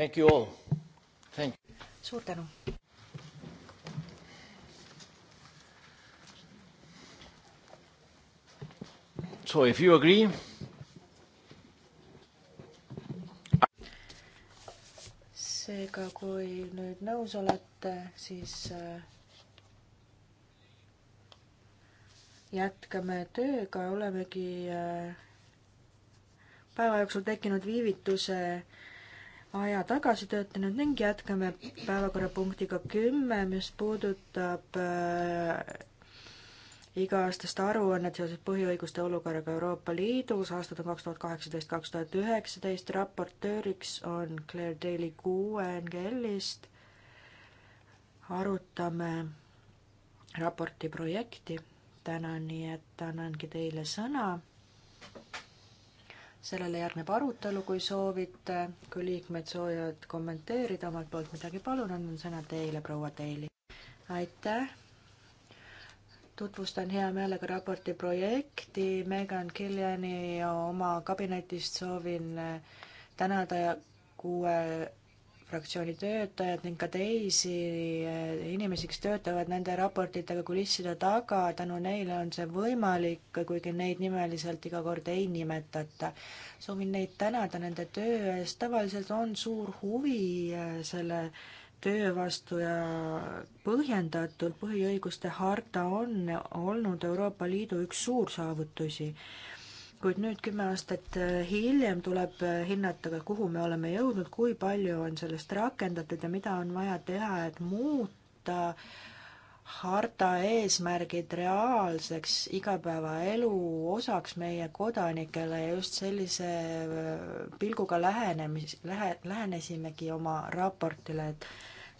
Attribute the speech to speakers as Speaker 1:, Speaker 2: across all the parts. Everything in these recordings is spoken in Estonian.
Speaker 1: Thank you all. Thank you. suur tänu. So if you agree. seega, kui nüüd nõus olete, siis äh, jätkame tööga, olemegi äh, päeva jooksul tekkinud viivituse aja tagasi töötanud ning jätkame päevakorrapunktiga kümme, mis puudutab äh, iga-aastast aruannet seoses põhiõiguste olukorraga Euroopa Liidus, aastad on kaks tuhat kaheksateist, kaks tuhat üheksateist, raportööriks on Claire Daly QNGL-ist, arutame raporti projekti täna, nii et annangi teile sõna sellele järgneb arutelu, kui soovite, kui liikmed soovivad kommenteerida omalt poolt midagi, palun, annan sõna teile, proua Teili. aitäh tutvustan hea meelega raporti projekti Megan Killiani ja oma kabinetist soovin tänada kuue fraktsiooni töötajad ning ka teisi eh, inimesi, kes töötavad nende raportitega kulisside taga, tänu neile on see võimalik, kuigi neid nimeliselt iga kord ei nimetata. soovin neid tänada nende töö eest, tavaliselt on suur huvi eh, selle töö vastu ja põhjendatult põhiõiguste harta on olnud Euroopa Liidu üks suursaavutusi kuid nüüd kümme aastat äh, hiljem tuleb äh, hinnata ka, kuhu me oleme jõudnud, kui palju on sellest rakendatud ja mida on vaja teha, et muuta harta eesmärgid reaalseks igapäevaelu osaks meie kodanikele ja just sellise äh, pilguga lähenemis, lähe, lähenesimegi oma raportile, et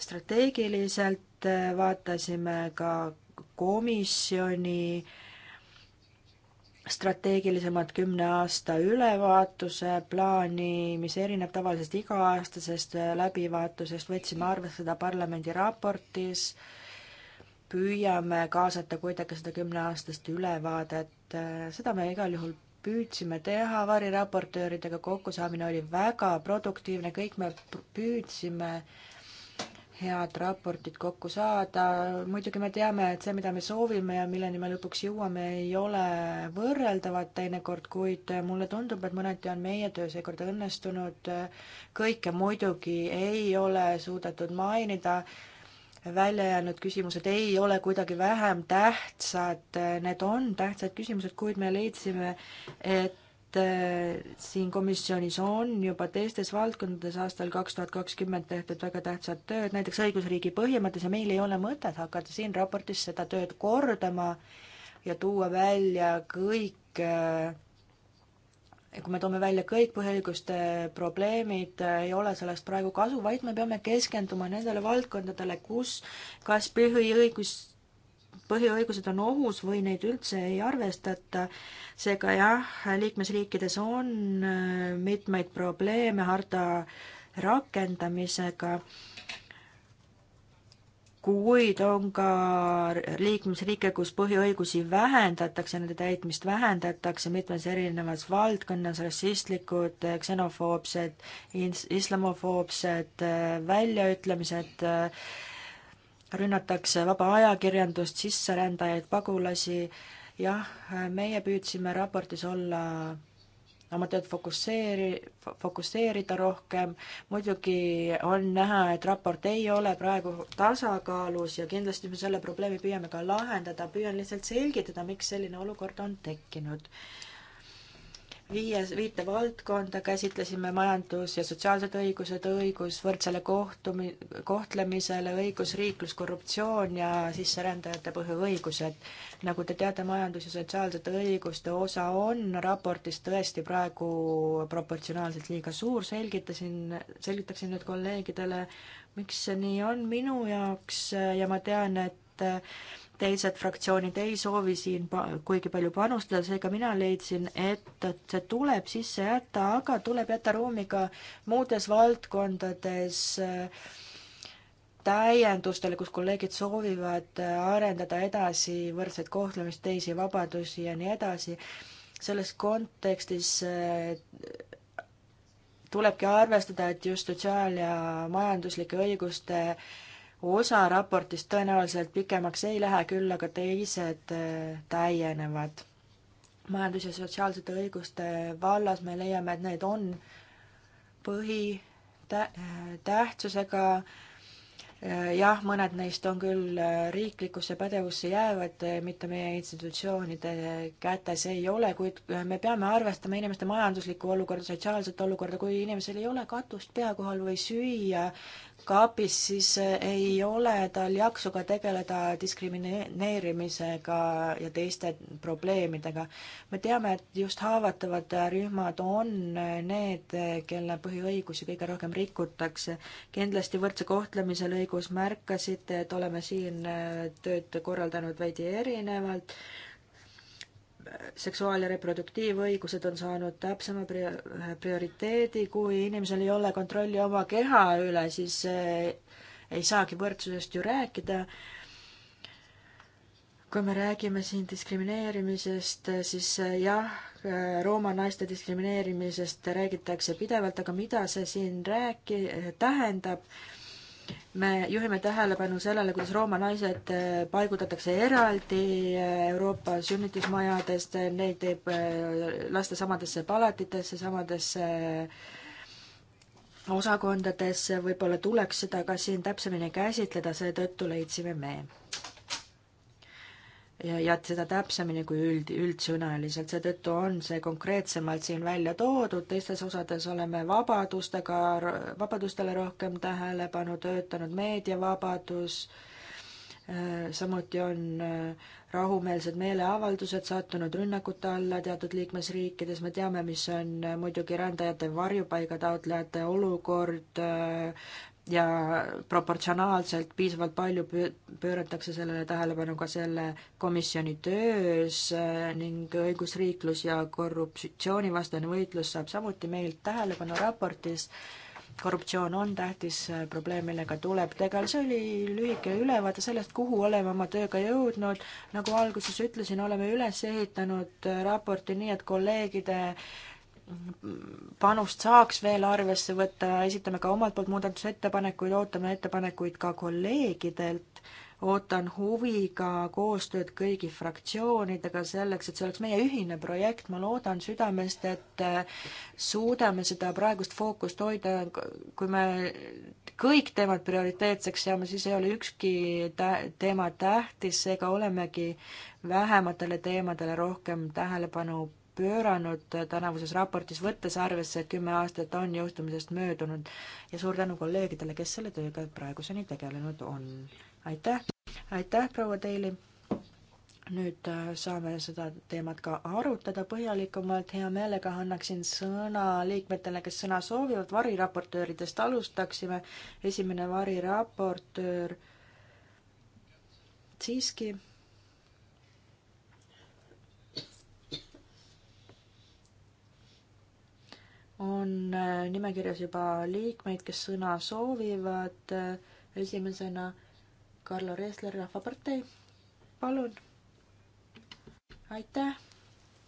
Speaker 1: strateegiliselt vaatasime ka komisjoni äh, strateegilisemat kümne aasta ülevaatuse plaani, mis erineb tavalisest iga-aastasest äh, läbivaatusest, võtsime arvesse seda parlamendi raportis, püüame kaasata kuidagi seda kümneaastast ülevaadet, äh, seda me igal juhul püüdsime teha, variraportööridega kokkusaamine oli väga produktiivne, kõik me püüdsime äh, head raportit kokku saada. muidugi me teame, et see, mida me soovime ja milleni me lõpuks jõuame, ei ole võrreldavad teinekord, kuid mulle tundub, et mõneti on meie töö seekord õnnestunud. kõike muidugi ei ole suudetud mainida välja jäänud küsimused ei ole kuidagi vähem tähtsad, need on tähtsad küsimused, kuid me leidsime, et Äh, siin komisjonis on juba teistes valdkondades aastal kaks tuhat kakskümmend tehtud väga tähtsat tööd, näiteks õigusriigi põhimõttes ja meil ei ole mõtet hakata siin raportis seda tööd kordama ja tuua välja kõik äh, kui me toome välja kõik põhiõiguste probleemid, äh, ei ole sellest praegu kasu, vaid me peame keskenduma nendele valdkondadele, kus kas põhiõigus põhiõigused on ohus või neid üldse ei arvestata. seega jah, liikmesriikides on äh, mitmeid probleeme harta rakendamisega, kuid on ka liikmesriike, kus põhiõigusi vähendatakse, nende täitmist vähendatakse mitmes erinevas valdkonnas, rassistlikud, ksenofoobsed, islamofoobsed äh, väljaütlemised äh,, rünnatakse vaba ajakirjandust, sisserändajaid, pagulasi, jah, meie püüdsime raportis olla oma tööd fokusseeri-, fokusseerida rohkem, muidugi on näha, et raport ei ole praegu tasakaalus ja kindlasti me selle probleemi püüame ka lahendada, püüan lihtsalt selgitada, miks selline olukord on tekkinud viies, viite valdkonda käsitlesime majandus- ja sotsiaalsed õigused, õigus võrdsele kohtumi-, kohtlemisele, õigusriiklus, korruptsioon ja sisserändajate põhiõigused. nagu te teate, majandus- ja sotsiaalsete õiguste osa on raportis tõesti praegu proportsionaalselt liiga suur, selgitasin, selgitaksin nüüd kolleegidele, miks see nii on minu jaoks ja ma tean, et teised fraktsioonid ei soovi siin kuigi palju panustada, seega mina leidsin, et see tuleb sisse jätta, aga tuleb jätta ruumi ka muudes valdkondades äh, täiendustele, kus kolleegid soovivad äh, arendada edasi võrdset kohtlemist, teisi vabadusi ja nii edasi. selles kontekstis äh, tulebki arvestada, et just sotsiaal- ja majanduslike õiguste osa raportist tõenäoliselt pikemaks ei lähe, küll aga teised äh, täienevad. majandus- ja sotsiaalsete õiguste vallas me leiame, et need on põhitähtsusega tä äh, jah, mõned neist on küll äh, riiklikusse pädevusse jäävad, äh, mitte meie institutsioonide kätes ei ole, kuid äh, me peame arvestama inimeste majanduslikku olukorda, sotsiaalset olukorda, kui inimesel ei ole katust pea kohal või süüa kapis, siis ei ole tal jaksu ka tegeleda diskrimineerimisega ja teiste probleemidega. me teame, et just haavatavad rühmad on need, kelle põhiõigusi kõige rohkem rikutakse. kindlasti võrdse kohtlemise lõigus käigus märkasite, et oleme siin äh, tööd korraldanud veidi erinevalt seksuaal- ja reproduktiivõigused on saanud täpsema prioriteedi, kui inimesel ei ole kontrolli oma keha üle, siis äh, ei saagi võrdsusest ju rääkida. kui me räägime siin diskrimineerimisest, siis äh, jah, Rooma naiste diskrimineerimisest räägitakse pidevalt, aga mida see siin rääki-, tähendab? me juhime tähelepanu sellele, kuidas Rooma naised äh, paigutatakse eraldi äh, Euroopa sünnitusmajadest, neid teeb, äh, lasta samadesse palatitesse, samadesse osakondadesse, võib-olla tuleks seda ka siin täpsemini käsitleda, seetõttu leidsime me, ja seda täpsemini kui üld, üldsõnaliselt, seetõttu on see konkreetsemalt siin välja toodud, teistes osades oleme vabadustega, vabadustele rohkem tähelepanu töötanud, meediavabadus, äh, samuti on äh, rahumeelsed meeleavaldused sattunud rünnakute alla teatud liikmesriikides, me teame, mis on äh, muidugi rändajate varjupaiga taotlejate olukord ja proportsionaalselt piisavalt palju pööratakse sellele tähelepanu ka selle komisjoni töös äh, ning õigusriiklus ja korruptsioonivastane võitlus saab samuti meilt tähelepanu raportis. korruptsioon on tähtis äh, probleem, millega tuleb tegeleda. see oli lühike ülevaade sellest, kuhu oleme oma tööga jõudnud. nagu alguses ütlesin, oleme üles ehitanud äh, raporti nii, et kolleegide äh, panust saaks veel arvesse võtta, esitame ka omalt poolt muudatusettepanekuid, ootame ettepanekuid ka kolleegidelt, ootan huviga koostööd kõigi fraktsioonidega selleks, et see oleks meie ühine projekt, ma loodan südamest, et äh, suudame seda praegust fookust hoida, kui me kõik teemad prioriteetseks seame, siis ei ole ükski tä-, teema tähtis, seega olemegi vähematele teemadele rohkem tähelepanu pööranud tänavuses raportis, võttes arvesse, et kümme aastat on jõustumisest möödunud ja suur tänu kolleegidele, kes selle tööga praeguseni tegelenud on. aitäh, aitäh, proua Teili! nüüd äh, saame seda teemat ka arutada põhjalikumalt, hea meelega annaksin sõna liikmetele, kes sõna soovivad, variraportööridest alustaksime, esimene variraportöör siiski on äh, nimekirjas juba liikmeid, kes sõna soovivad. Äh, esimesena Carlo Reesler, Rahvapartei, palun. aitäh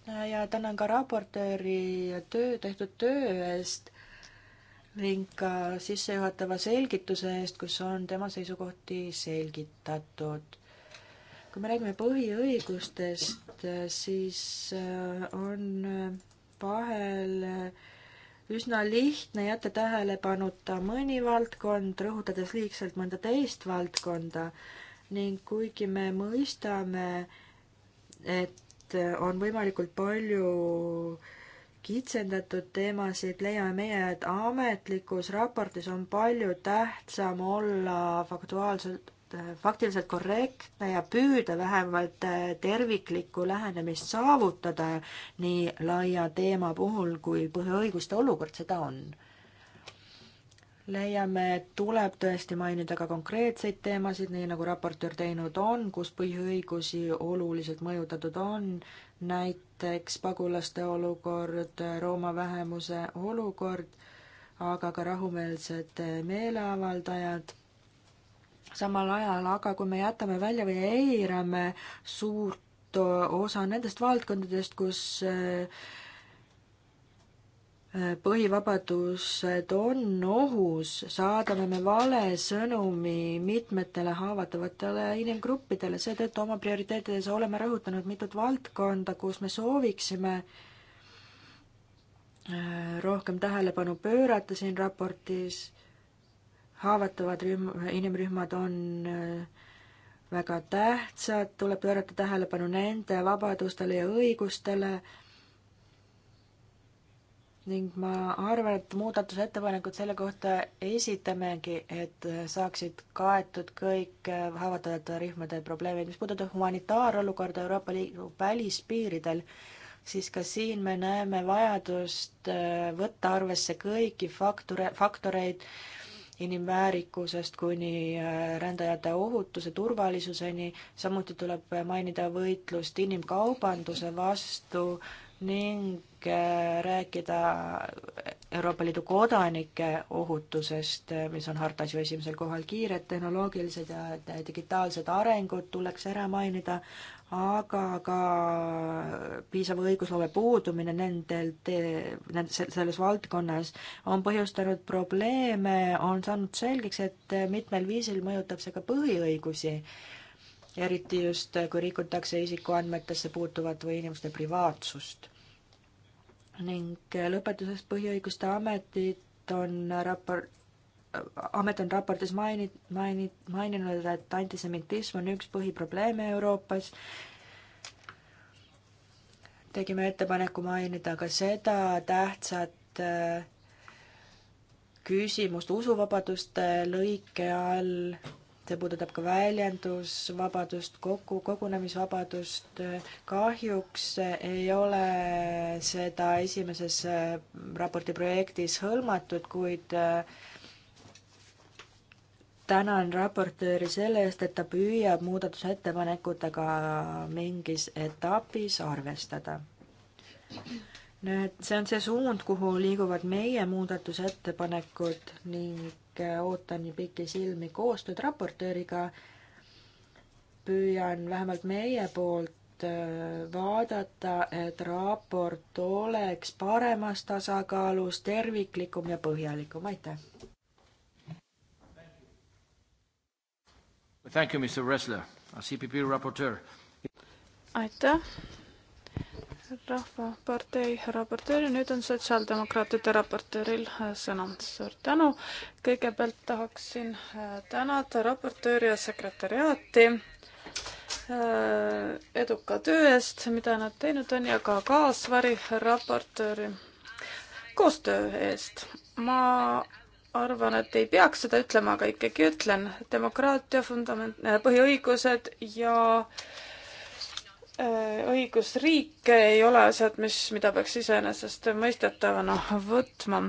Speaker 1: äh, ja tänan ka raportööri töö, tehtud töö eest ning ka sissejuhatava selgituse eest, kus on tema seisukohti selgitatud. kui me räägime põhiõigustest, siis on vahel äh, üsna lihtne jätta tähelepanuta mõni valdkond, rõhutades liigselt mõnda teist valdkonda ning kuigi me mõistame, et on võimalikult palju kitsendatud teemasid, leiame meie, et ametlikus raportis on palju tähtsam olla faktuaalselt Äh, faktiliselt korrektne ja püüda vähemalt äh, terviklikku lähenemist saavutada nii laia teema puhul, kui põhiõiguste olukord seda on. leiame, et tuleb tõesti mainida ka konkreetseid teemasid, nii nagu raportöör teinud on, kus põhiõigusi oluliselt mõjutatud on, näiteks pagulaste olukord, Rooma vähemuse olukord, aga ka rahumeelsed meeleavaldajad samal ajal aga, kui me jätame välja või eirame suurt äh, osa nendest valdkondadest, kus äh, äh, põhivabadused on ohus, saadame me vale sõnumi mitmetele haavatavatele inimgruppidele, seetõttu oma prioriteetides oleme rõhutanud mitut valdkonda, kus me sooviksime rohkem tähelepanu pöörata siin raportis haavatavad rühm-, inimrühmad on äh, väga tähtsad, tuleb pöörata tähelepanu nende vabadustele ja õigustele ning ma arvan, et muudatusettepanekud selle kohta esitamegi, et saaksid kaetud kõik äh, haavatavate rühmade probleemid. mis puudutab humanitaarolukorda Euroopa Liidu välispiiridel, siis ka siin me näeme vajadust äh, võtta arvesse kõiki faktore, faktoreid, inimväärikusest kuni äh, rändajate ohutuse, turvalisuseni, samuti tuleb mainida võitlust inimkaubanduse vastu ning äh, rääkida Euroopa Liidu kodanike ohutusest, äh, mis on hartas ju esimesel kohal, kiired tehnoloogilised ja digitaalsed arengud tuleks ära mainida, aga ka piisava õigusloome puudumine nendel, selles valdkonnas on põhjustanud probleeme, on saanud selgeks, et mitmel viisil mõjutab see ka põhiõigusi. eriti just, kui rikutakse isikuandmetesse puutuvat või inimeste privaatsust. ning lõpetuseks Põhiõiguste Ametit on raport amet on raportis mainid, mainid, maininud, et antisemitism on üks põhiprobleeme Euroopas. tegime ettepaneku mainida ka seda tähtsat äh, küsimust usuvabaduste lõike all, see puudutab ka väljendusvabadust, kokku, kogunemisvabadust. kahjuks ei ole seda esimeses äh, raporti projektis hõlmatud, kuid äh, tänan raportööri selle eest, et ta püüab muudatusettepanekutega mingis etapis arvestada. Need, see on see suund, kuhu liiguvad meie muudatusettepanekud ning ootan pikisilmi koostööd raportööriga. püüan vähemalt meie poolt äh, vaadata, et raport oleks paremas tasakaalus, terviklikum ja põhjalikum, aitäh! Thank you, Mr Ressler, CPP raportöör.
Speaker 2: aitäh, Rahvapartei raportöör ja nüüd on sotsiaaldemokraatide raportööril äh, sõna. suur tänu. kõigepealt tahaksin äh, tänada raportööri ja sekretäriaati äh, eduka töö eest, mida nad teinud on ja ka kaasvari raportööri koostöö eest. ma arvan, et ei peaks seda ütlema, aga ikkagi ütlen. demokraatia fundament, äh, põhiõigused ja äh, õigusriik ei ole asjad, mis, mida peaks iseenesestmõistetavana võtma.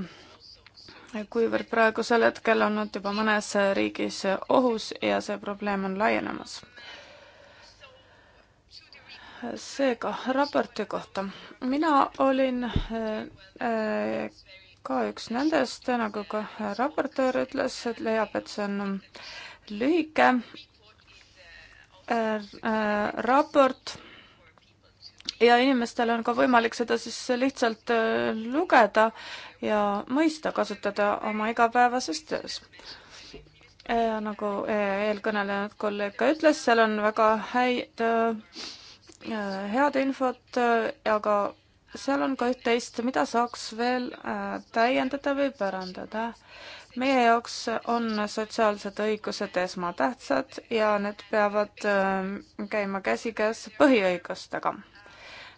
Speaker 2: kuivõrd praegusel hetkel on nad juba mõnes riigis ohus ja see probleem on laienemas. seega raporti kohta. mina olin äh, äh ka üks nendest, nagu ka raportöör ütles, et leiab, et see on lühike äh, äh, raport ja inimestel on ka võimalik seda siis lihtsalt äh, lugeda ja mõista, kasutada oma igapäevases töös. nagu eelkõnelenud kolleeg ka ütles, seal on väga häid, head infot ja ka seal on ka üht-teist, mida saaks veel äh, täiendada või parandada. meie jaoks on sotsiaalsed õigused esmatähtsad ja need peavad äh, käima käsikäes põhiõigustega.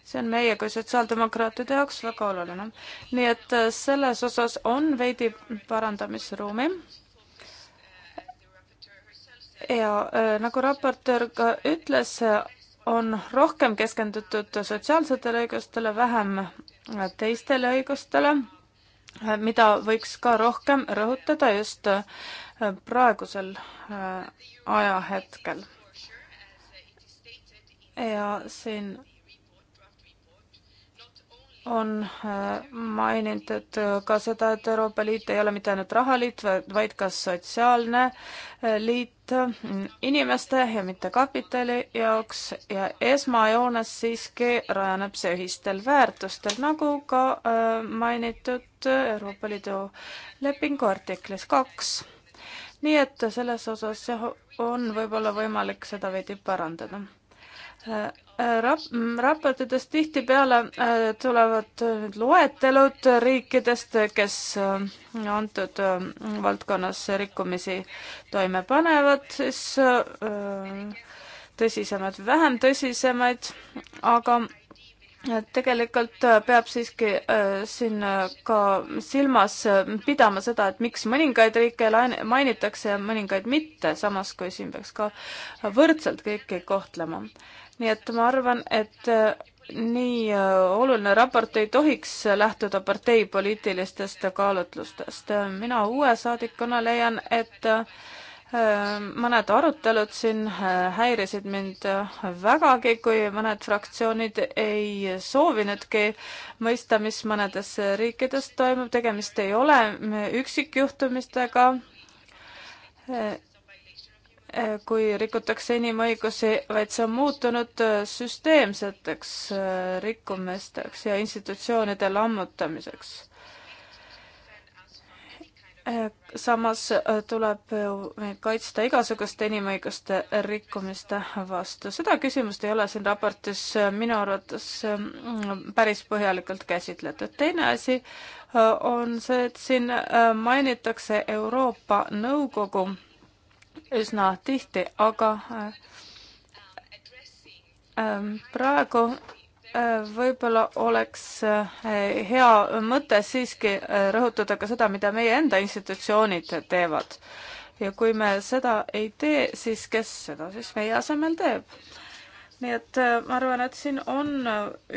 Speaker 2: see on meie kui sotsiaaldemokraatide jaoks väga oluline. nii et äh, selles osas on veidi parandamisruumi ja nagu raportöör ka ütles, on rohkem keskendutud sotsiaalsetele õigustele, vähem teistele õigustele, mida võiks ka rohkem rõhutada just äh, praegusel äh, ajahetkel. ja siin on äh, mainitud ka seda, et Euroopa Liit ei ole mitte ainult rahaliit, vaid ka sotsiaalne äh, liit mm, inimeste ja mitte kapitali jaoks ja esmajoones siiski rajaneb see ühistel väärtustel, nagu ka äh, mainitud Euroopa Liidu lepingu artiklis kaks. nii et selles osas jah, on võib-olla võimalik seda veidi parandada Äh, rap-, mm, raportites tihtipeale äh, tulevad äh, need loetelud riikidest, kes antud valdkonnas rikkumisi toime panevad, siis tõsisemaid, vähem tõsisemaid, aga tegelikult äh, peab siiski äh, siin äh, ka silmas pidama seda, et miks mõningaid riike mainitakse ja mõningaid mitte, samas kui siin peaks ka võrdselt kõiki kohtlema. nii et ma arvan, et nii oluline raport ei tohiks lähtuda parteipoliitilistest kaalutlustest. mina uue saadikuna leian, et Äh, mõned arutelud siin äh, häirisid mind äh, vägagi, kui mõned fraktsioonid ei soovinudki mõista, mis mõnedes riikides toimub, tegemist ei ole üksikjuhtumistega, kui rikutakse inimõigusi, vaid see on muutunud süsteemseteks rikkumisteks ja institutsioonide lammutamiseks Äh, samas äh, tuleb äh, meid kaitsta igasuguste inimõiguste rikkumiste vastu. seda küsimust ei ole siin raportis minu arvates päris põhjalikult käsitletud. teine asi on see, et siin mainitakse Euroopa Nõukogu üsna tihti, aga praegu võib-olla oleks eh, hea mõte siiski eh, rõhutada ka seda, mida meie enda institutsioonid teevad. ja kui me seda ei tee, siis kes seda siis meie asemel teeb? nii et eh, ma arvan, et siin on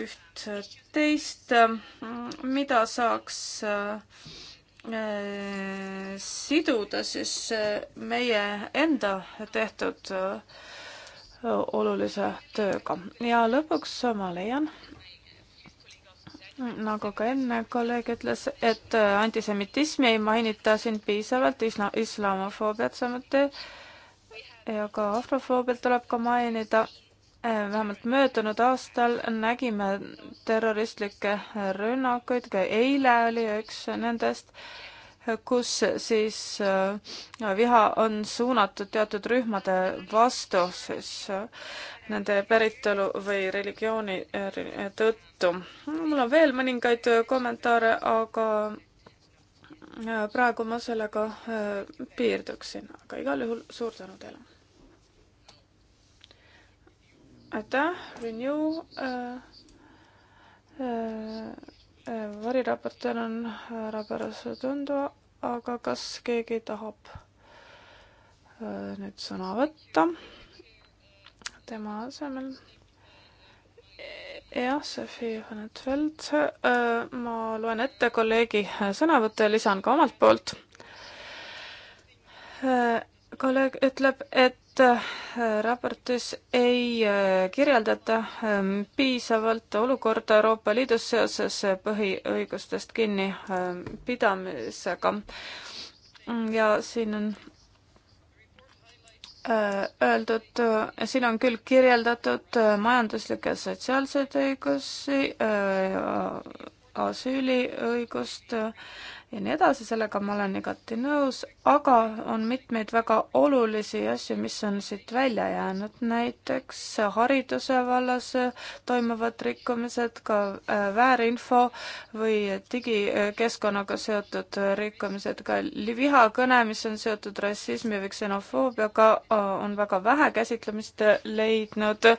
Speaker 2: üht-teist, mida saaks siduda siis meie enda tehtud äh, olulise tööga. ja lõpuks ma leian, nagu ka enne kolleeg ütles, et antisemitismi ei mainita siin piisavalt, isla-, islamofoobiat samuti ja ka afrofoobiat tuleb ka mainida. vähemalt möödunud aastal nägime terroristlikke rünnakuid, ka eile oli üks nendest kus siis äh, viha on suunatud teatud rühmade vastu siis äh, nende päritolu või religiooni äh, tõttu. mul on veel mõningaid kommentaare, aga praegu ma sellega piirduksin, aga igal juhul suur tänu teile. aitäh, Renew äh,. Äh, variraportöör on härra Pärase Tundu, aga kas keegi tahab äh, nüüd sõna võtta tema asemel? E-, jah, Sofi Vanetfeld, äh, ma loen ette kolleegi äh, sõnavõttu ja lisan ka omalt poolt kolleeg ütleb, et äh, raportis ei äh, kirjeldata ähm, piisavalt olukorda Euroopa Liidus seoses äh, põhiõigustest kinnipidamisega. Ähm, ja siin on öeldud, siin on küll kirjeldatud majanduslikke ja sotsiaalseid õigusi, asüüliõigust ja nii edasi, sellega ma olen igati nõus, aga on mitmeid väga olulisi asju, mis on siit välja jäänud, näiteks hariduse vallas toimuvad rikkumised, ka äh, väärinfo või digikeskkonnaga seotud rikkumised, ka vihakõne, mis on seotud rassismi või ksenofoobiaga, äh, on väga vähe käsitlemist leidnud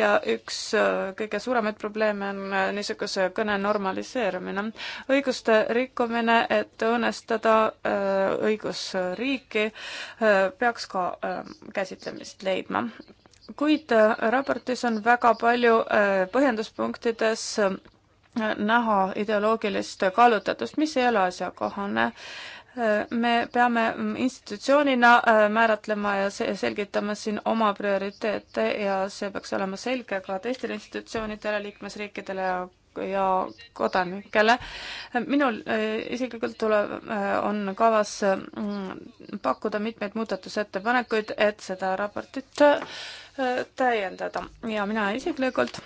Speaker 2: ja üks äh, kõige suuremaid probleeme on niisuguse kõne normaliseerimine. õiguste rikkumine, et õõnestada õigus riiki, äh, peaks ka äh, käsitlemist leidma. kuid äh, raportis on väga palju põhjenduspunktides näha ideoloogilist kaalutletust, mis ei ole asjakohane me peame institutsioonina määratlema ja selgitama siin oma prioriteete ja see peaks olema selge ka teistele institutsioonidele, liikmesriikidele ja ja kodanikele. minul äh, isiklikult tuleb, äh, on kavas mm, pakkuda mitmeid muudatusettepanekuid, et seda raportit äh, täiendada ja mina isiklikult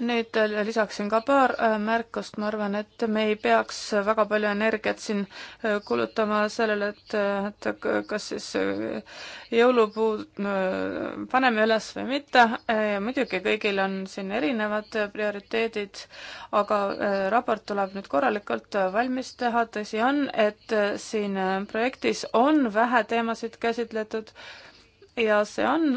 Speaker 2: nüüd äh, lisaksin ka paar äh, märkust, ma arvan, et me ei peaks väga palju energiat siin äh, kulutama sellele, et, et kas siis jõulupuu paneme üles või mitte. muidugi kõigil on siin erinevad prioriteedid, aga raport tuleb nüüd korralikult valmis teha. tõsi on, et siin projektis on vähe teemasid käsitletud ja see on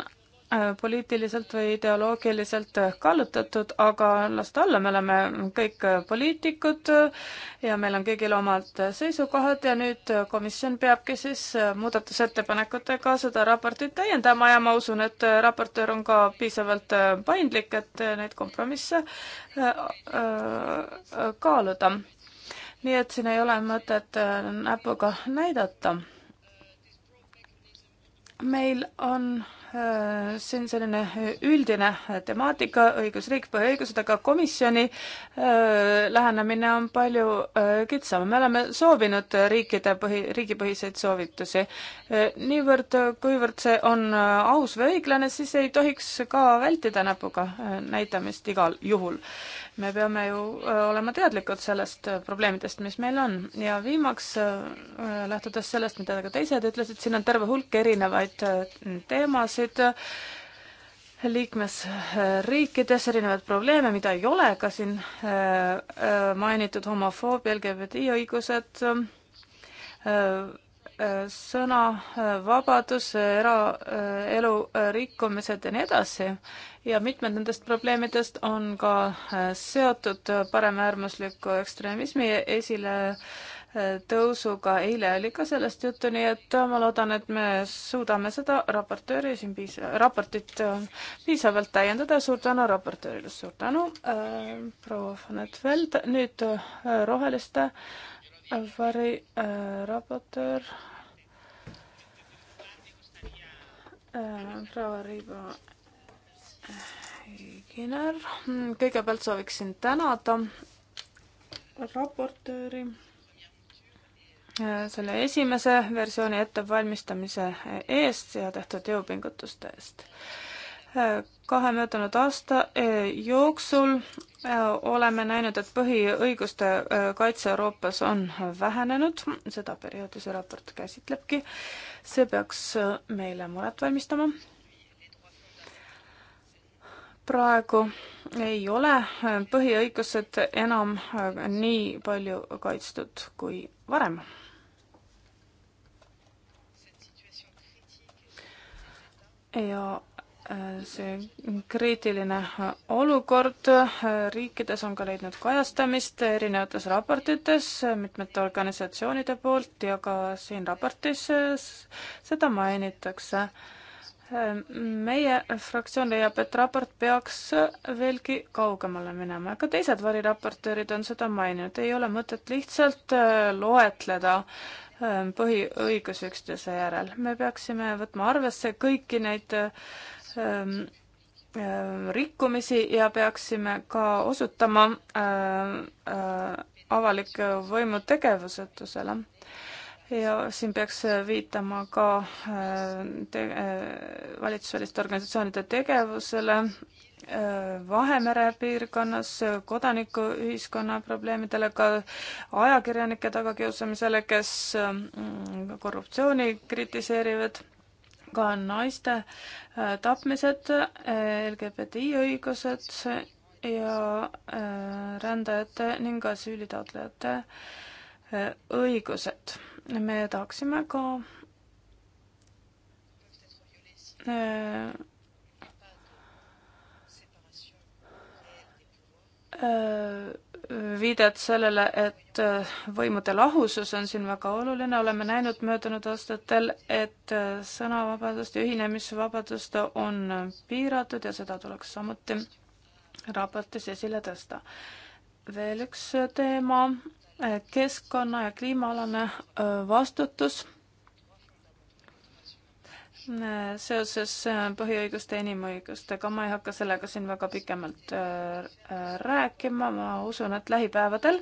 Speaker 2: Äh, poliitiliselt või ideoloogiliselt kallutatud, aga las ta olla, me oleme kõik äh, poliitikud äh, ja meil on kõigil omad seisukohad ja nüüd komisjon peabki siis muudatusettepanekutega seda raportit täiendama ja ma usun, et raportöör on ka piisavalt paindlik, et neid kompromisse kaaluda. nii et siin ei ole mõtet näpuga näidata. meil on Äh, see on selline üldine temaatika, õigusriik, põhiõigused, aga komisjoni äh, lähenemine on palju äh, kitsam. me oleme soovinud riikide põhi, riigipõhiseid soovitusi. niivõrd, kuivõrd see on aus või õiglane, siis ei tohiks ka vältida näpuga näitamist igal juhul me peame ju äh, olema teadlikud sellest äh, probleemidest, mis meil on ja viimaks äh, lähtudes sellest, mida ka teised ütlesid, siin on terve hulk erinevaid teemasid liikmesriikides, erinevaid probleeme, mida ei ole ka siin mainitud, homofoobia, LGBT õigused, Äh, sõnavabadus, äh, äh, eraelu rikkumised ja nii edasi. ja mitmed nendest probleemidest on ka seotud paremäärmusliku ekstremismi esile tõusuga. eile oli ka sellest juttu, nii et ma loodan, et me suudame seda raportööri siin piis-, raportit piisavalt täiendada. suur tänu raportöörile, suur tänu äh,, proua Fanetfeld. nüüd äh, roheliste äh, variraportöör äh, äh, proua Riibo Kiner. Äh, mm, kõigepealt sooviksin tänada raportööri äh, selle esimese versiooni ettevalmistamise eest ja tehtud jõupingutuste eest äh, kahe möödunud aasta e, jooksul e, oleme näinud, et põhiõiguste e, kaitse Euroopas on vähenenud, seda perioodi see raport käsitlebki. see peaks meile muret valmistama. praegu ei ole põhiõigused enam nii palju kaitstud kui varem ja see kriitiline olukord riikides on ka leidnud kajastamist erinevates raportites mitmete organisatsioonide poolt ja ka siin raportis seda mainitakse. meie fraktsioon leiab, et raport peaks veelgi kaugemale minema, ka teised variraportöörid on seda maininud, ei ole mõtet lihtsalt äh, loetleda äh, põhiõigusi üksteise järel. me peaksime võtma arvesse kõiki neid äh, Ähm, äh, rikkumisi ja peaksime ka osutama äh, äh, avalike võimu tegevusetusele ja siin peaks viitama ka te-, valitsusväliste organisatsioonide tegevusele Vahemere piirkonnas, kodanikuühiskonna probleemidele, ka ajakirjanike tagakiusamisele, kes korruptsiooni kritiseerivad ka naiste äh, tapmised, äh, LGBTI õigused ja äh, rändajate ning asüülitaotlejate õigused. me tahaksime ka viidet sellele, et äh, võimude lahusus on siin väga oluline, oleme näinud möödunud aastatel, et äh, sõnavabadust ja ühinemisvabadust on äh, piiratud ja seda tuleks samuti raportis esile tõsta. veel üks teema, keskkonna ja kliimaalane vastutus seoses äh, põhiõiguste ja inimõigustega, ma ei hakka sellega siin väga pikemalt äh, äh, rääkima, ma usun, et lähipäevadel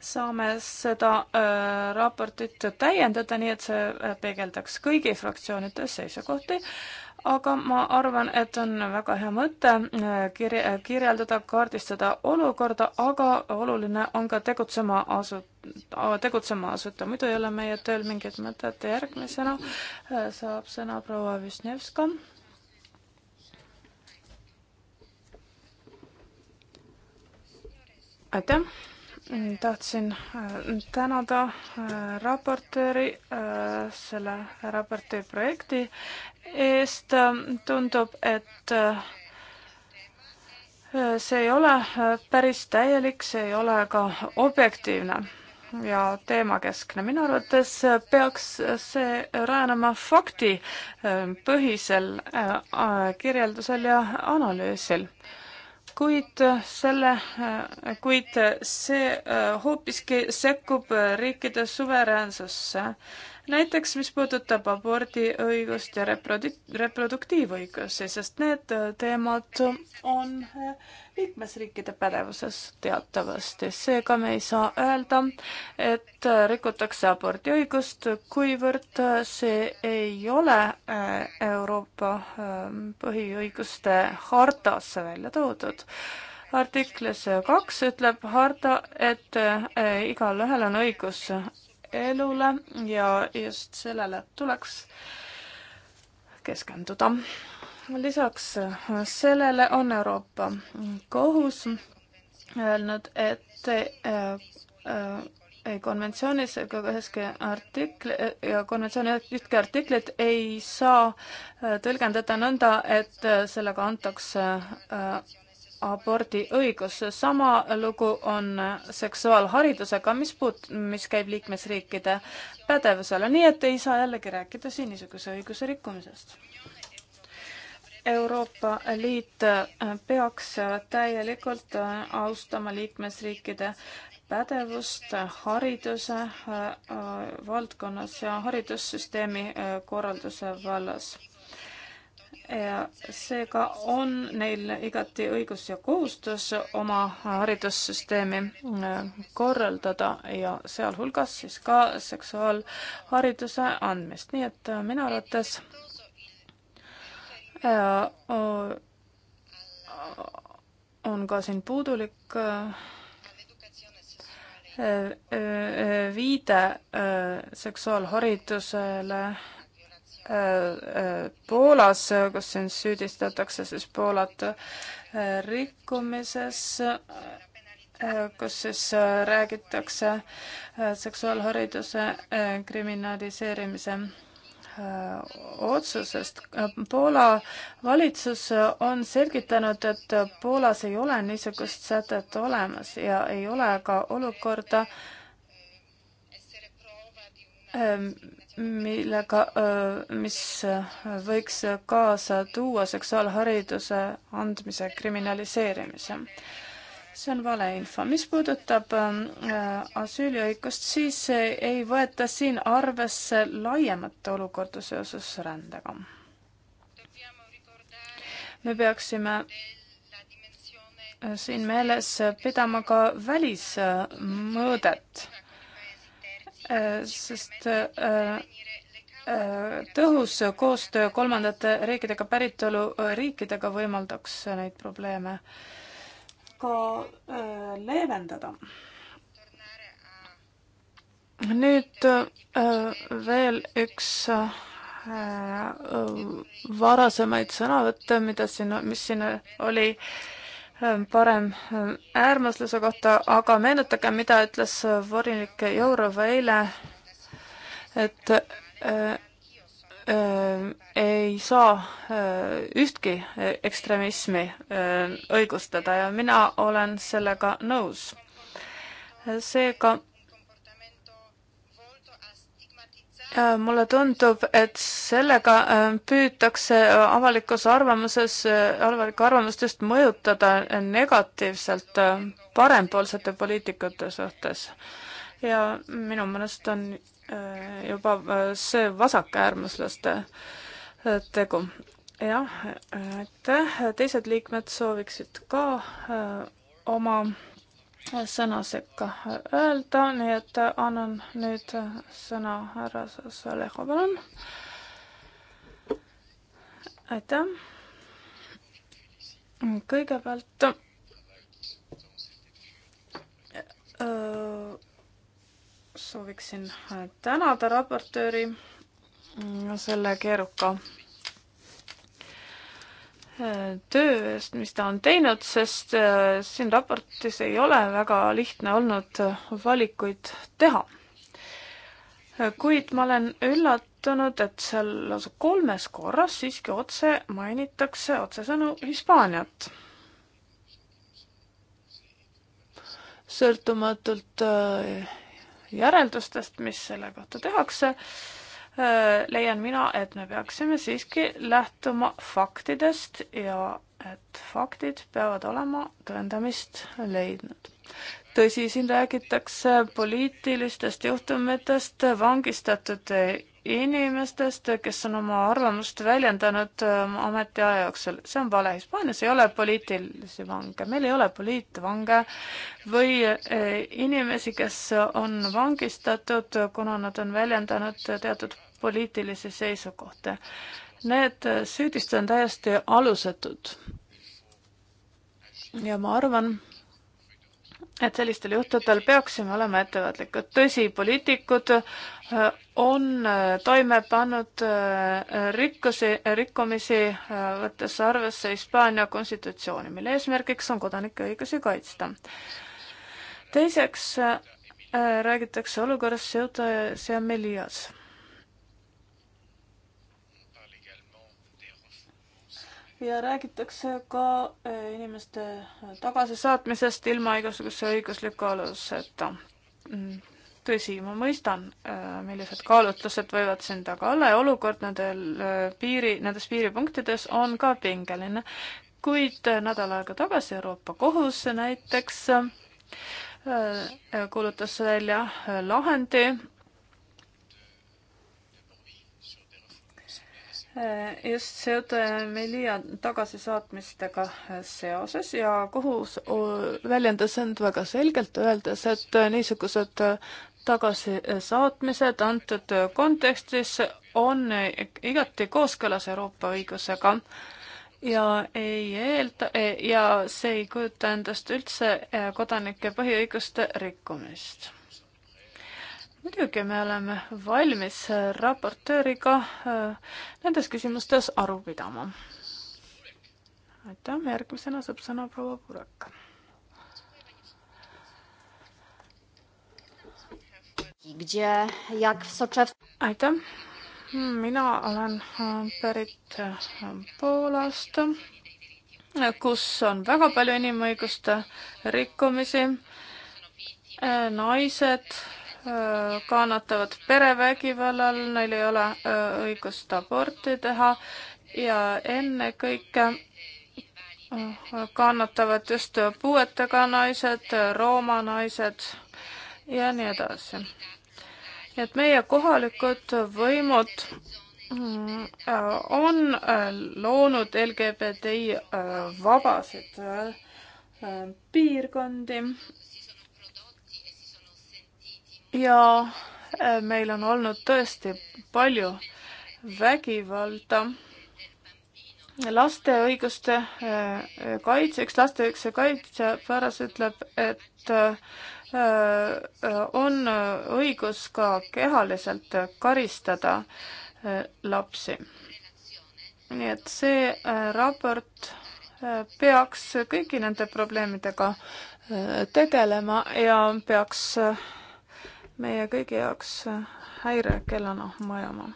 Speaker 2: saame seda raportit täiendada, nii et see peegeldaks kõigi fraktsioonide seisukohti aga ma arvan, et on väga hea mõte äh, kirja, äh, kirjeldada, kaardistada olukorda, aga oluline on ka tegutsema asu-, tegutsema asuda, muidu ei ole meie tööl mingit mõtet. järgmisena äh, saab sõna proua Višnevska. aitäh! tahtsin äh, tänada äh, raportööri äh, selle raporti projekti eest. tundub, et see ei ole päris täielik, see ei ole ka objektiivne ja teemakeskne. minu arvates peaks see rajanema faktipõhisel kirjeldusel ja analüüsil kuid selle, äh, kuid see äh, hoopiski sekkub äh, riikide suveräänsusse näiteks mis puudutab abordiõigust ja reprodu-, reproduktiivõigusi, sest need äh, teemad on äh, liikmesriikide pädevuses teatavasti, seega me ei saa öelda, et äh, rikutakse abordiõigust, kuivõrd see ei ole Euroopa ähm, põhiõiguste hartasse välja toodud artiklis kaks ütleb harta, et igalühel on õigus elule ja just sellele tuleks keskenduda. lisaks sellele on Euroopa Kohus öelnud, et äh, äh, ei konventsioonis ega üheski artikli ja konventsiooni ühtki artiklit ei saa äh, tõlgendada nõnda, et sellega antakse abordiõigus. sama lugu on seksuaalharidusega, mis puut-, mis käib liikmesriikide pädevusele, nii et ei saa jällegi rääkida siin niisuguse õiguse rikkumisest. Euroopa Liit peaks täielikult austama liikmesriikide pädevust hariduse äh, valdkonnas ja haridussüsteemi äh, korralduse vallas ja seega on neil igati õigus ja kohustus oma haridussüsteemi äh, korraldada ja sealhulgas siis ka seksuaalhariduse andmist, nii et äh, minu arvates äh, on ka siin puudulik viide seksuaalharidusele Poolas, kus siin süüdistatakse siis Poolat äh, rikkumises, äh, kus siis äh, räägitakse seksuaalhariduse kriminaliseerimise otsusest. Poola valitsus on selgitanud, et Poolas ei ole niisugust sätet olemas ja ei ole ka olukorda, millega, mis võiks kaasa tuua seksuaalhariduse andmise kriminaliseerimise. see on valeinfo. mis puudutab asüüliõigust, siis ei võeta siin arvesse laiemat olukorda seoses rändega. me peaksime siin meeles pidama ka välismõõdet sest äh, äh, tõhus koostöö kolmandate riikidega, päritolu äh, riikidega võimaldaks neid probleeme ka leevendada. nüüd veel üks varasemaid sõnavõtte, mida siin, mis siin oli Ehm, parem ehm, äärmusluse kohta, aga meenutage, mida ütles äh, volinik Jourov eile, et äh, äh, ei saa äh, ühtki e, ekstremismi äh, õigustada ja mina olen sellega nõus. seega Äh, mulle tundub, et sellega äh, püütakse äh, avalikus arvamuses, avalikku arvamust just mõjutada negatiivselt parempoolsete poliitikute suhtes. ja minu meelest on juba see vasakäärmuslaste tegu. jah, aitäh, teised liikmed sooviksid ka oma sõna sekka öelda, nii et annan nüüd sõna härra Saleho, palun. aitäh. kõigepealt sooviksin tänada raportööri selle keeruka töö eest, mis ta on teinud, sest äh, siin raportis ei ole väga lihtne olnud äh, valikuid teha. kuid ma olen üllatunud, et seal lausa kolmes korras siiski otse mainitakse otsesõnu Hispaaniat. sõltumatult äh, järeldustest, mis selle kohta tehakse äh,, leian mina, et me peaksime siiski lähtuma faktidest ja et faktid peavad olema tõendamist leidnud. tõsi, siin räägitakse poliitilistest juhtumitest, vangistatud inimestest, kes on oma arvamust väljendanud ametiaja jooksul. see on vale. Hispaanias ei ole poliitilisi vange, meil ei ole poliitvange või inimesi, kes on vangistatud, kuna nad on väljendanud teatud poliitilisi seisukohti. Need süüdistused on täiesti alusetud. ja ma arvan, et sellistel juhtudel peaksime olema ettevaatlikud. tõsi, poliitikud äh, on äh, toime pannud äh, rikkusi, rikkumisi, võttes arvesse Hispaania konstitutsiooni, mille eesmärgiks on kodanike õigusi kaitsta. teiseks räägitakse olukorrast Ceuta ja Melillas ja räägitakse ka eh, inimeste tagasisaatmisest ilma igasuguse õigusliku aluseta. Mm, tõsi, ma mõistan, eh, millised kaalutlused võivad siin taga olla ja olukord nendel eh, piiri, nendes piiripunktides on ka pingeline. kuid nädal aega tagasi Euroopa Kohus näiteks kuulutas välja lahendi just seote Melia tagasisaatmistega seoses ja kohus väljendas end väga selgelt, öeldes, et niisugused tagasisaatmised antud kontekstis on igati kooskõlas Euroopa õigusega ja ei eelda ja see ei kujuta endast üldse kodanike põhiõiguste rikkumist muidugi me oleme valmis äh, raportööriga äh, nendes küsimustes aru pidama. aitäh, järgmisena saab sõna proua Purek. aitäh, mina olen äh, pärit Poolast, kus on väga palju inimõiguste rikkumisi, naised Äh, kannatavad perevägivallal, neil ei ole äh, õigust aborti teha ja ennekõike äh, kannatavad just puuetega naised, rooma naised ja nii edasi. nii et meie kohalikud võimud on loonud LGBTI vabasid piirkondi ja äh, meil on olnud tõesti palju vägivalda laste õiguste äh, kaitseks, laste õiguse kaitse pärast ütleb, et äh, on õigus ka kehaliselt karistada lapsi. nii et see raport peaks kõigi nende probleemidega tegelema ja peaks meie kõigi jaoks häirekellana mõjuma.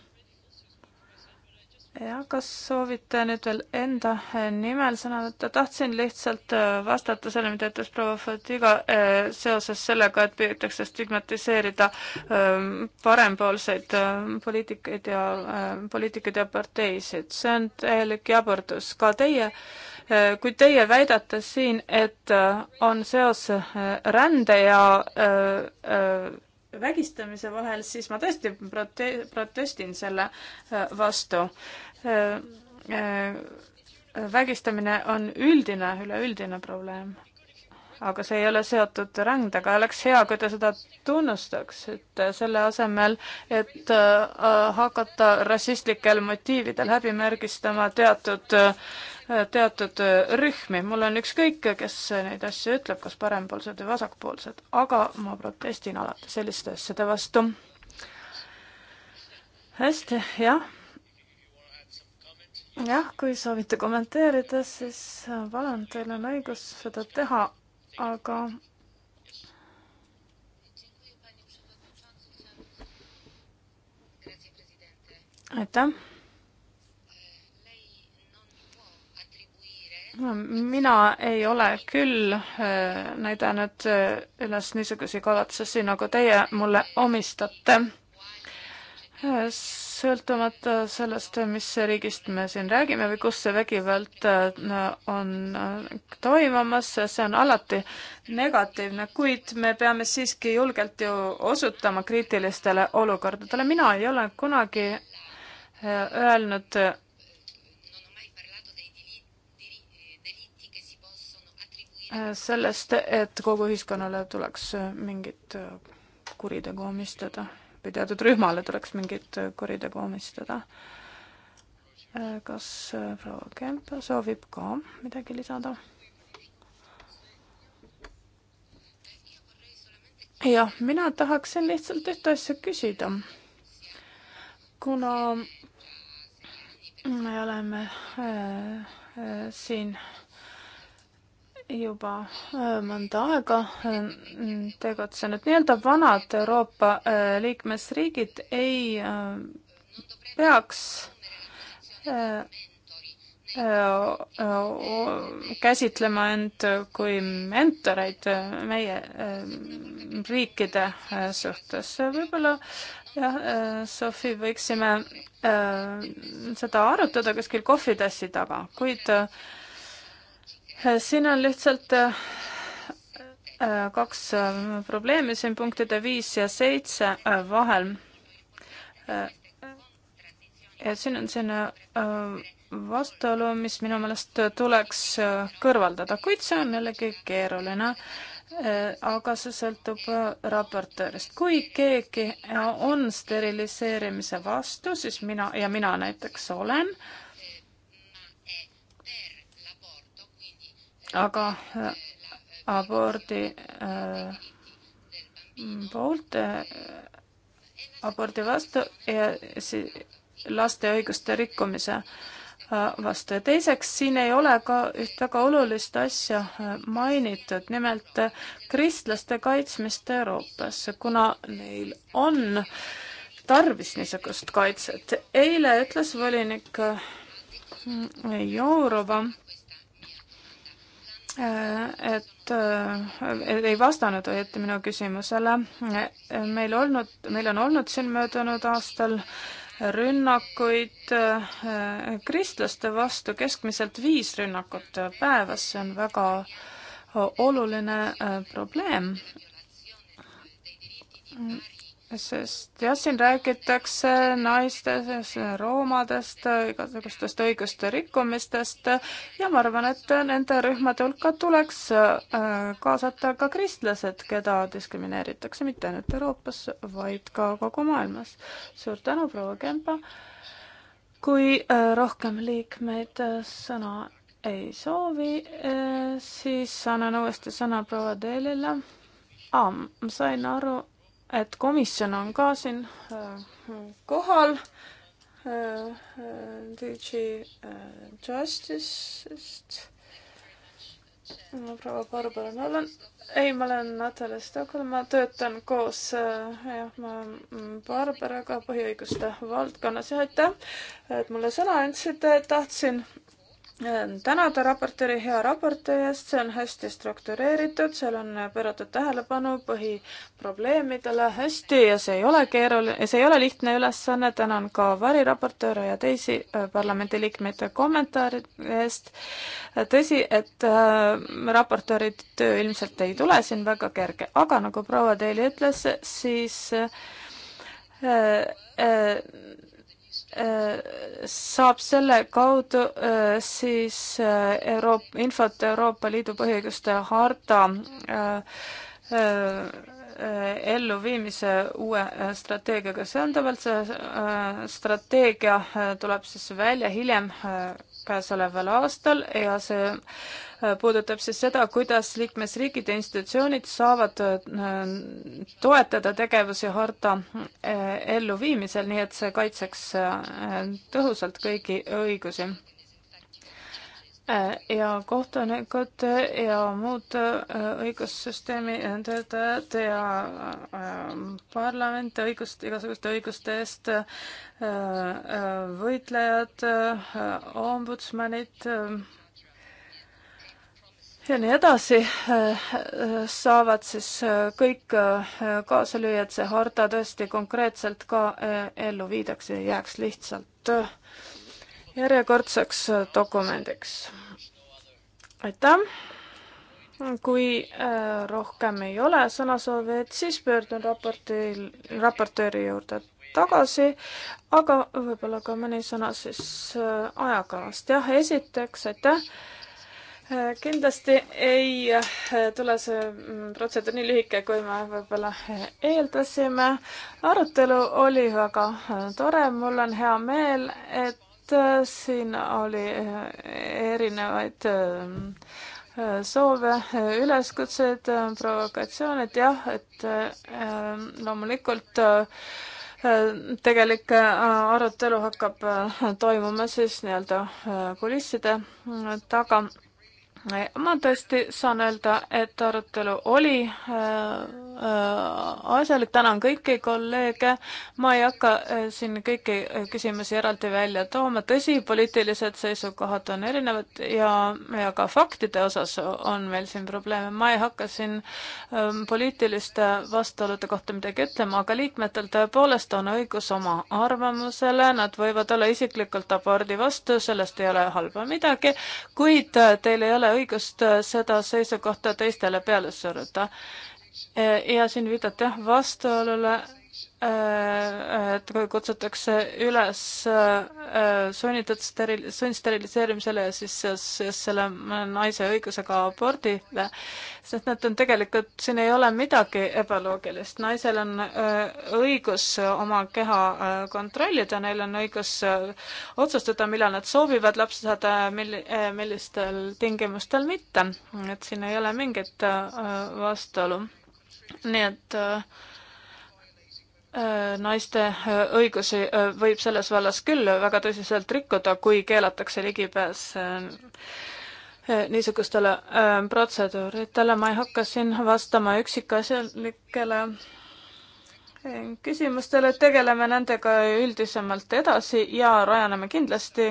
Speaker 2: ja kas soovite nüüd veel enda nimel sõna võtta? tahtsin lihtsalt äh, vastata sellele, mida ütles proua Fatiga äh, seoses sellega, et püütakse stigmatiseerida ähm, parempoolseid ähm, poliitikaid ja, ähm, poliitikaid ja parteisid. see on täielik jaburdus. ka teie äh, kui teie väidate siin, et on seos rände ja vägistamise vahel, siis ma tõesti prote-, protestin selle äh, vastu. Äh, äh, vägistamine on üldine, üleüldine probleem. aga see ei ole seotud rändega, oleks hea, kui te seda tunnustaks, et selle asemel, et hakata rassistlikel motiividel häbimärgistama teatud äh, teatud äh, rühmi, mul on ükskõik, kes neid asju ütleb, kas parempoolsed või vasakpoolsed, aga ma protestin alati selliste asjade vastu. hästi, jah. jah, kui soovite kommenteerida, siis äh, palun, teil on õigus seda teha, aga aitäh mina ei ole küll äh, näidanud äh, üles niisuguseid kavatsusi, nagu teie mulle omistate. Äh, sõltumata sellest, mis riigist me siin räägime või kus see vägivald on toimumas, see on alati negatiivne, kuid me peame siiski julgelt ju osutama kriitilistele olukordadele. mina ei ole kunagi öelnud sellest, et kogu ühiskonnale tuleks mingit kuritegu omistada või teatud rühmale tuleks mingit kuritegu omistada. kas proua Kemp soovib ka midagi lisada? jah, mina tahaksin lihtsalt ühte asja küsida. kuna me oleme äh, äh, siin äh, juba äh, mõnda aega äh, tegutsenud. nii-öelda vanad Euroopa äh, liikmesriigid ei peaks käsitlema end kui mentoreid meie riikide suhtes. võib-olla jah, Sofi, võiksime seda arutada kuskil kohvitassi taga, kuid Äh, siin on lihtsalt äh, äh, kaks probleemi siin punktide viis ja seitse vahel. ja siin on selline vastuolu, mis minu meelest tuleks kõrvaldada, kuid see on jällegi keeruline. aga see sõltub raportöörist. kui keegi on steriliseerimise vastu, siis mina ja mina näiteks olen aga äh, abordi äh, poolt äh, abordi vastu ja laste õiguste rikkumise äh, vastu. ja teiseks, siin ei ole ka üht väga olulist asja mainitud, nimelt kristlaste kaitsmist Euroopas, kuna neil on tarvis niisugust kaitset. eile ütles volinik Jourova, Äh, äh, et ei vastanud õieti minu küsimusele. Äh, meil olnud, meil on olnud siin möödunud aastal rünnakuid kristlaste vastu, keskmiselt viis rünnakut päevas, see on väga oluline probleem sest jah, siin räägitakse naistest, roomadest, igasugustest õiguste rikkumistest ja ma arvan, et nende rühmade hulka tuleks äh, kaasata ka kristlased, keda diskrimineeritakse mitte ainult Euroopas, vaid ka kogu maailmas. suur tänu, proua Kempa. kui äh, rohkem liikmeid äh, sõna ei soovi, siis annan uuesti sõna proua Teelile. aa, ma sain aru et komisjon on ka siin äh, kohal. Äh, DG äh, Justice'ist. proua Barbara Nolan. ei, ma olen Natalja Stockholm, ma töötan koos jah, ma Barbaraga põhiõiguste valdkonnas ja aitäh, et mulle sõna andsite, tahtsin Ehm, tänada raportööri hea raporti eest, see on hästi struktureeritud, seal on pööratud tähelepanu põhiprobleemidele hästi ja see ei ole keeruline, see ei ole lihtne ülesanne, tänan ka variraportööre ja teisi äh, parlamendiliikmeid kommentaaride eest. tõsi, et äh, raportööri töö ilmselt ei tule siin väga kerge, aga nagu proua Teili ütles, siis äh, äh, saab selle kaudu äh, siis äh, Euroopa, infot Euroopa Liidu põhiõiguste harta äh, elluviimise uue strateegiaga seonduvalt. see strateegia tuleb siis välja hiljem käesoleval aastal ja see äh, puudutab siis seda, kuidas liikmesriigid ja institutsioonid saavad äh, toetada tegevusi harta äh, elluviimisel, nii et see kaitseks tõhusalt kõigi õigusi Äh, ja kohtunikud ja muud äh, õigussüsteemi töötajad ja äh, parlament õigust, igasuguste õiguste eest võitlejad, ombudsmanid ja nii edasi, saavad siis kõik kaasa lüüa, et see harta tõesti konkreetselt ka ellu viidaks ja ei jääks lihtsalt järjekordseks äh, dokumendiks. aitäh! kui äh, rohkem ei ole sõnasoovijaid, siis pöördun raporti, raportööri juurde tagasi, aga võib-olla ka mõni sõna siis äh, ajakavast. jah, esiteks aitäh. kindlasti ei tule see mm, protseduur nii lühike, kui me võib-olla eeldasime. arutelu oli väga tore, mul on hea meel, et Äh, siin oli äh, erinevaid äh, soove, üleskutsed, provokatsioonid, jah, et loomulikult tegelik arutelu hakkab toimuma siis nii-öelda kulisside taga. ma tõesti saan öelda, et arutelu oli Äh, asjalik, tänan kõiki kolleege, ma ei hakka äh, siin kõiki äh, küsimusi eraldi välja tooma, tõsi, poliitilised seisukohad on erinevad ja, ja ka faktide osas on meil siin probleeme, ma ei hakka siin ähm, poliitiliste vastuolude kohta midagi ütlema, aga liikmetel tõepoolest on õigus oma arvamusele, nad võivad olla isiklikult abordi vastu, sellest ei ole halba midagi, kuid teil ei ole õigust seda seisukohta teistele peale suruda Äh, ja siin viidati jah vastuolule, äh, et kutsutakse üles äh, sunnitud steril-, sundsteriliseerimisele ja siis seoses selle naise õigusega abordile, sest need on tegelikult, siin ei ole midagi ebaloogilist, naisel on õigus oma keha kontrollida, neil on õigus otsustada, millal nad soovivad lapse saada ja milli-, millistel tingimustel mitte, et siin ei ole mingit vastuolu nii et äh, äh, naiste äh, õigusi võib selles vallas küll väga tõsiselt rikkuda, kui keelatakse ligipääs niisugustele protseduuridele. ma ei hakka siin vastama üksikasjalikele küsimustele, tegeleme nendega üldisemalt edasi ja rajaneme kindlasti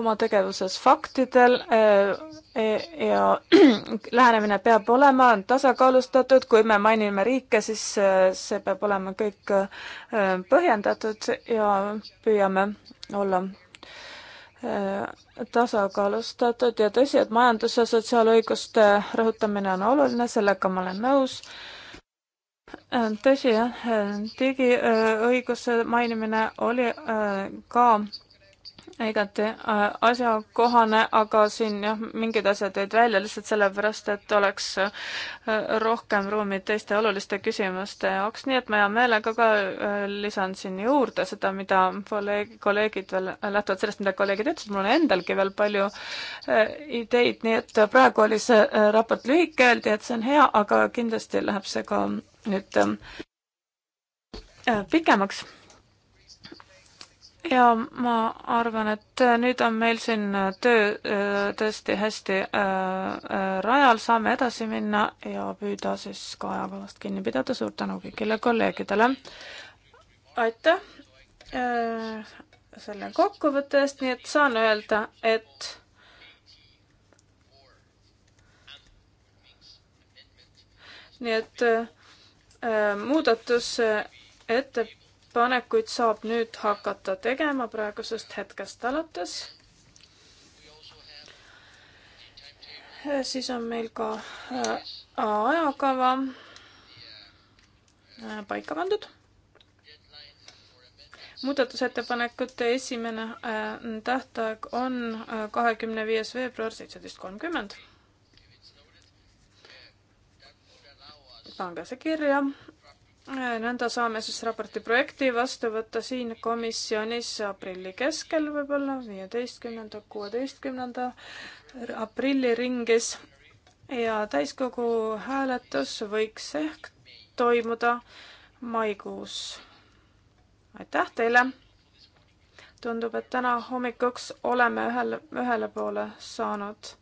Speaker 2: oma tegevuses faktidel eh, eh, ja lähenemine peab olema tasakaalustatud, kui me mainime riike, siis eh, see peab olema kõik põhjendatud ja püüame olla tasakaalustatud ja tõsi, et majandus- ja sotsiaalõiguste rõhutamine on oluline, sellega ma olen nõus Äh, tõsi jah, äh, digiõiguse mainimine oli äh, ka igati asjakohane, aga siin jah, mingid asjad jäid välja lihtsalt sellepärast, et oleks rohkem ruumi teiste oluliste küsimuste jaoks, nii et ma hea meelega ka lisan siin juurde seda, mida kolleeg, kolleegid veel, lähtuvalt sellest, mida kolleegid ütlesid, mul on endalgi veel palju ideid, nii et praegu oli see raport lühike, öeldi, et see on hea, aga kindlasti läheb see ka nüüd ähm, äh, pikemaks. ja ma arvan, et äh, nüüd on meil siin äh, töö tõesti hästi rajal, saame edasi minna ja püüda siis ka ajakavast kinni pidada. suur tänu kõigile kolleegidele. aitäh selle kokkuvõtte eest, nii et saan öelda, et nii et Äh, muudatusettepanekuid saab nüüd hakata tegema praegusest hetkest alates. Äh, siis on meil ka äh, ajakava paika pandud muudatusettepanekute esimene tähtaeg on kahekümne viies veebruar seitseteist kolmkümmend pange see kirja. Äh, nõnda saame siis raporti projekti vastu võtta siin komisjonis aprilli keskel võib-olla, viieteistkümnenda, kuueteistkümnenda aprilli ringis. ja täiskogu hääletus võiks ehk toimuda maikuus. aitäh teile! tundub, et täna hommikuks oleme ühele, ühele poole saanud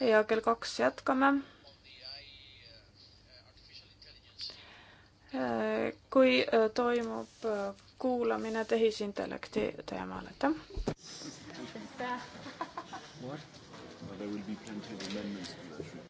Speaker 2: ja kell kaks jätkame kui äh, toimub äh, kuulamine tehisintellekti teemal, aitäh. What? Well, there will be plenty of amendments to that.